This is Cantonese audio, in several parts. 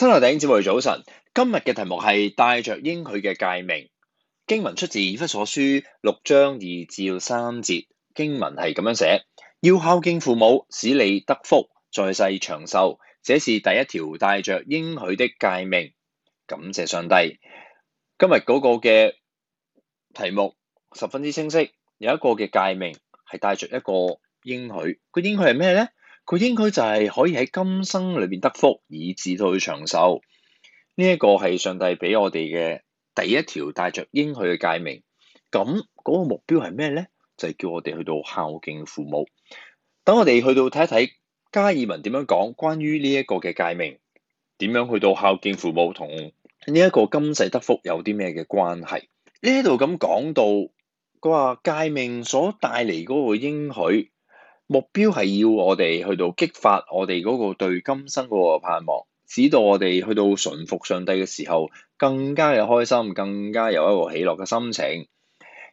親愛弟兄姊妹早晨，今日嘅題目係帶着應許嘅誡命。經文出自以弗所書六章二至三節，經文係咁樣寫：要孝敬父母，使你得福，在世長壽。這是第一條帶着應許的誡命，感謝上帝。今日嗰個嘅題目十分之清晰，有一個嘅誡命係帶着一個應許，個應許係咩呢？佢應該就係可以喺今生裏邊得福，以至到去長壽。呢、這、一個係上帝俾我哋嘅第一條帶着應許嘅誡命。咁嗰、那個目標係咩咧？就係、是、叫我哋去到孝敬父母。等我哋去到睇一睇加爾文點樣講關於呢一個嘅誡命，點樣去到孝敬父母同呢一個今世得福有啲咩嘅關係？呢度咁講到，佢話誡命所帶嚟嗰個應許。目標係要我哋去到激發我哋嗰個對今生嗰個盼望，使到我哋去到順服上帝嘅時候，更加有開心，更加有一個喜樂嘅心情。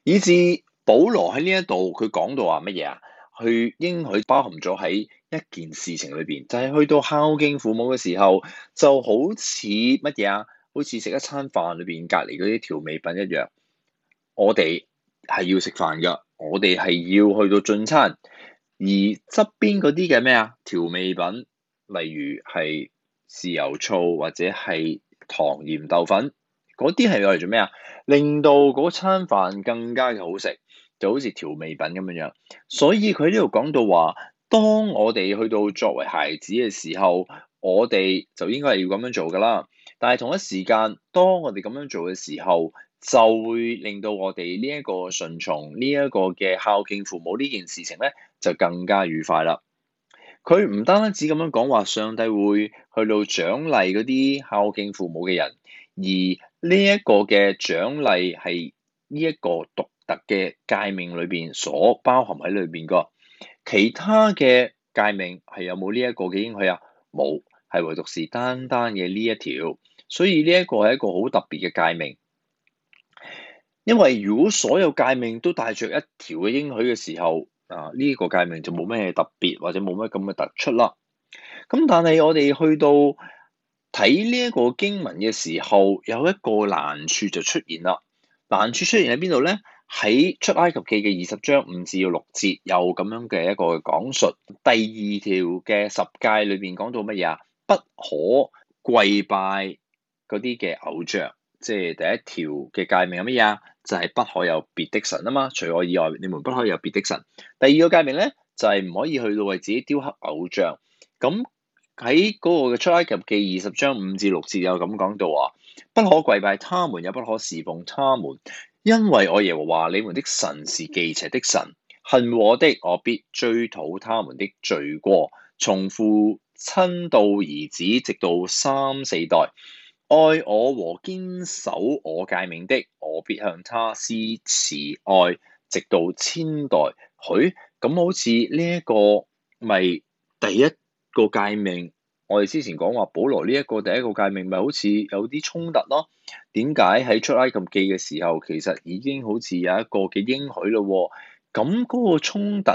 以至保羅喺呢一度，佢講到話乜嘢啊？去應許包含咗喺一件事情裏邊，就係去到孝敬父母嘅時候，就好似乜嘢啊？好似食一餐飯裏邊隔籬嗰啲調味品一樣，我哋係要食飯噶，我哋係要去到進餐。而側邊嗰啲嘅咩啊調味品，例如係豉油、醋或者係糖鹽豆粉，嗰啲係用嚟做咩啊？令到嗰餐飯更加嘅好食，就好似調味品咁樣樣。所以佢呢度講到話，當我哋去到作為孩子嘅時候，我哋就應該係要咁樣做噶啦。但係同一時間，當我哋咁樣做嘅時候，就會令到我哋呢一個順從、呢一個嘅孝敬父母呢件事情咧，就更加愉快啦！佢唔單單只咁樣講話，上帝會去到獎勵嗰啲孝敬父母嘅人，而呢一個嘅獎勵係呢一個獨特嘅誡命裏邊所包含喺裏邊噶。其他嘅誡命係有冇呢一個嘅應許啊？冇，係唯獨是單單嘅呢一條。所以呢一個係一個好特別嘅誡命，因為如果所有誡命都帶着一條嘅應許嘅時候。啊！呢個誡命就冇咩特別或者冇乜咁嘅突出啦。咁但係我哋去到睇呢一個經文嘅時候，有一個難處就出現啦。難處出現喺邊度咧？喺出埃及記嘅二十章五至六節有咁樣嘅一個講述。第二條嘅十誡裏邊講到乜嘢啊？不可跪拜嗰啲嘅偶像。即係第一條嘅誡命係乜嘢啊？就係、是、不可有別的神啊嘛，除我以外，你們不可以有別的神。第二個誡命咧，就係、是、唔可以去到為自己雕刻偶像。咁喺嗰個嘅出埃及記二十章五至六節有咁講到話：不可跪拜他們，也不可侍奉他們，因為我耶和華你們的神是忌邪的神。恨我的，我必追討他們的罪過，從父親到兒子，直到三四代。愛我和堅守我誡命的，我必向他施慈愛，直到千代許。咁好似呢一個咪第一個誡命，我哋之前講話保羅呢一個第一個誡命咪好似有啲衝突咯？點解喺出埃及記嘅時候，其實已經好似有一個嘅應許咯？咁嗰個衝突。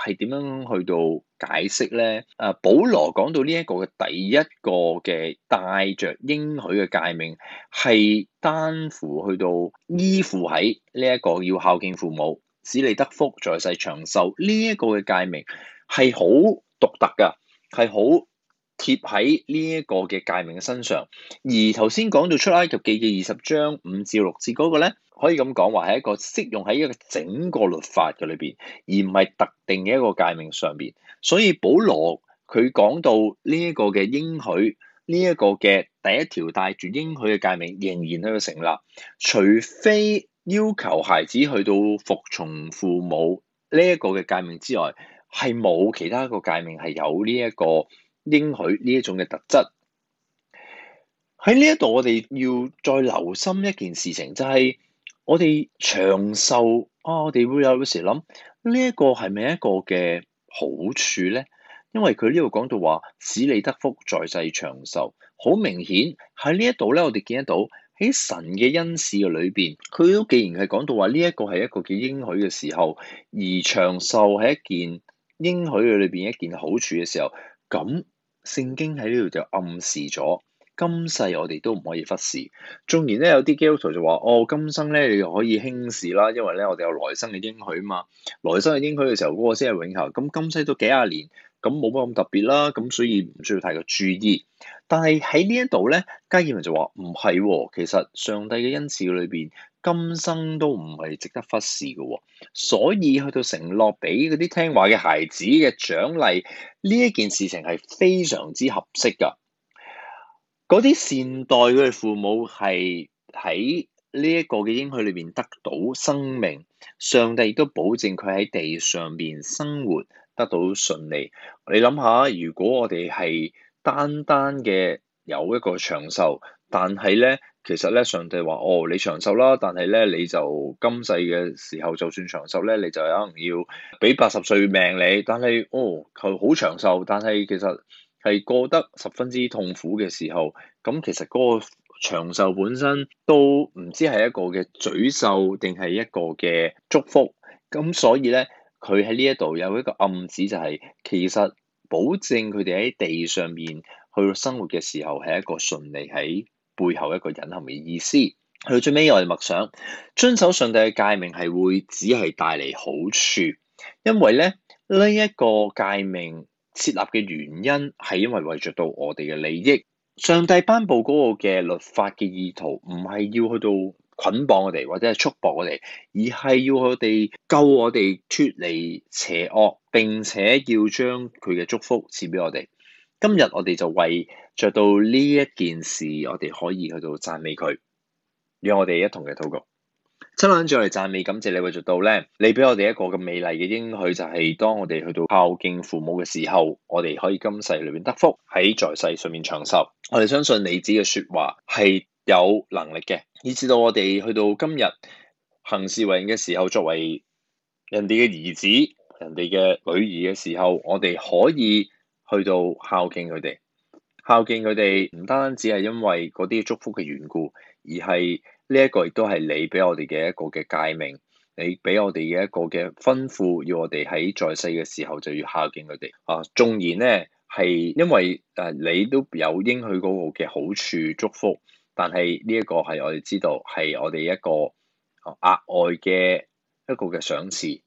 係點樣去到解釋咧？啊，保羅講到呢一個嘅第一個嘅帶著應許嘅誡命，係單乎去到依附喺呢一個要孝敬父母、使你得福、在世長壽呢一個嘅誡命，係好獨特㗎，係好。貼喺呢一個嘅誡命嘅身上，而頭先講到出埃及記嘅二十章五至六節嗰個咧，可以咁講話係一個適用喺一個整個律法嘅裏邊，而唔係特定嘅一個誡命上邊。所以保羅佢講到呢一個嘅應許，呢一個嘅第一條帶住應許嘅誡命仍然喺度成立，除非要求孩子去到服從父母呢一個嘅誡命之外，係冇其他一個誡命係有呢一個。應許呢一種嘅特質喺呢一度，我哋要再留心一件事情，就係、是、我哋長壽啊。我哋會有有時諗呢、這個、一個係咪一個嘅好處咧？因為佢呢度講到話，使你得福，在世長壽，好明顯喺呢一度咧。我哋見得到喺神嘅恩賜嘅裏邊，佢都既然係講到話呢一個係一個叫應許嘅時候，而長壽係一件應許嘅裏邊一件好處嘅時候。咁聖經喺呢度就暗示咗，今世我哋都唔可以忽視。仲然咧有啲基督徒就話：哦，今生咧你又可以輕視啦，因為咧我哋有來生嘅應許嘛，來生嘅應許嘅時候嗰個先係永恆。咁今世都幾廿年，咁冇乜咁特別啦，咁所以唔需要太過注意。但係喺呢一度咧，加爾文就話唔係喎，其實上帝嘅恩賜裏邊。今生都唔係值得忽視嘅，所以去到承諾俾嗰啲聽話嘅孩子嘅獎勵，呢一件事情係非常之合適噶。嗰啲善待佢嘅父母係喺呢一個嘅影響裏邊得到生命，上帝亦都保證佢喺地上面生活得到順利。你諗下，如果我哋係單單嘅有一個長壽，但係咧。其實咧，上帝話哦，你長壽啦，但係咧，你就今世嘅時候，就算長壽咧，你就可能要俾八十歲命你。但係哦，佢好長壽，但係其實係過得十分之痛苦嘅時候。咁其實嗰個長壽本身都唔知係一個嘅詛咒，定係一個嘅祝福。咁所以咧，佢喺呢一度有一個暗指，就係，就係其實保證佢哋喺地上面去生活嘅時候，係一個順利喺。背後一個隱含嘅意思，去到最尾我哋默想，遵守上帝嘅誡命，係會只係帶嚟好處，因為咧呢一個誡命設立嘅原因係因為為著到我哋嘅利益，上帝頒布嗰個嘅律法嘅意圖唔係要去到捆綁我哋或者係束縛我哋，而係要佢哋救我哋脫離邪惡，並且要將佢嘅祝福賜俾我哋。今日我哋就為着到呢一件事，我哋可以去到讚美佢，讓我哋一同嘅禱告。親係再嚟讚美，感謝你為著到呢，你俾我哋一個咁美麗嘅應許，就係、是、當我哋去到孝敬父母嘅時候，我哋可以今世裏面得福，喺在，在世上面長壽。我哋相信你子嘅說話係有能力嘅，以至到我哋去到今日行事為人嘅時候，作為人哋嘅兒子、人哋嘅女兒嘅時候，我哋可以。.去到孝敬佢哋，孝敬佢哋唔單止係因為嗰啲祝福嘅緣故，而係呢一個亦都係你俾我哋嘅一個嘅誡命，你俾我哋嘅一個嘅吩咐，要我哋喺在，在世嘅時候就要孝敬佢哋啊。縱然咧係因為誒、啊、你都有應許嗰個嘅好處祝福，但係呢一個係我哋知道係我哋一個額外嘅一個嘅賞賜，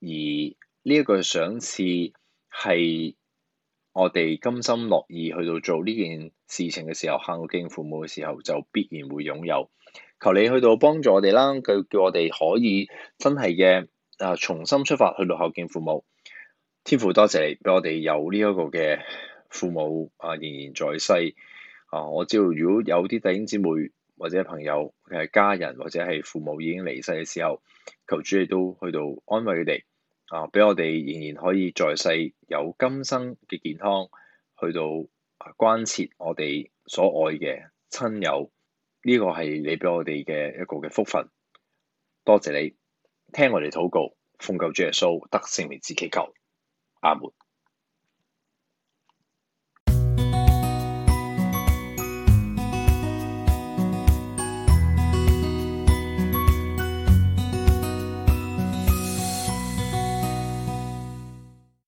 而呢一個賞賜係。我哋甘心樂意去到做呢件事情嘅時候，孝敬父母嘅時候，就必然會擁有。求你去到幫助我哋啦，叫叫我哋可以真係嘅啊，重新出發去到孝敬父母。天父多謝你，俾我哋有呢一個嘅父母啊，仍然在世啊。我知道如果有啲弟兄姊妹或者朋友嘅家人或者係父母已經離世嘅時候，求主你都去到安慰佢哋。啊！俾我哋仍然可以在世有今生嘅健康，去到關切我哋所愛嘅親友，呢、這個係你俾我哋嘅一個嘅福分。多謝你聽我哋禱告，奉救主耶穌得勝之名祈求，阿門。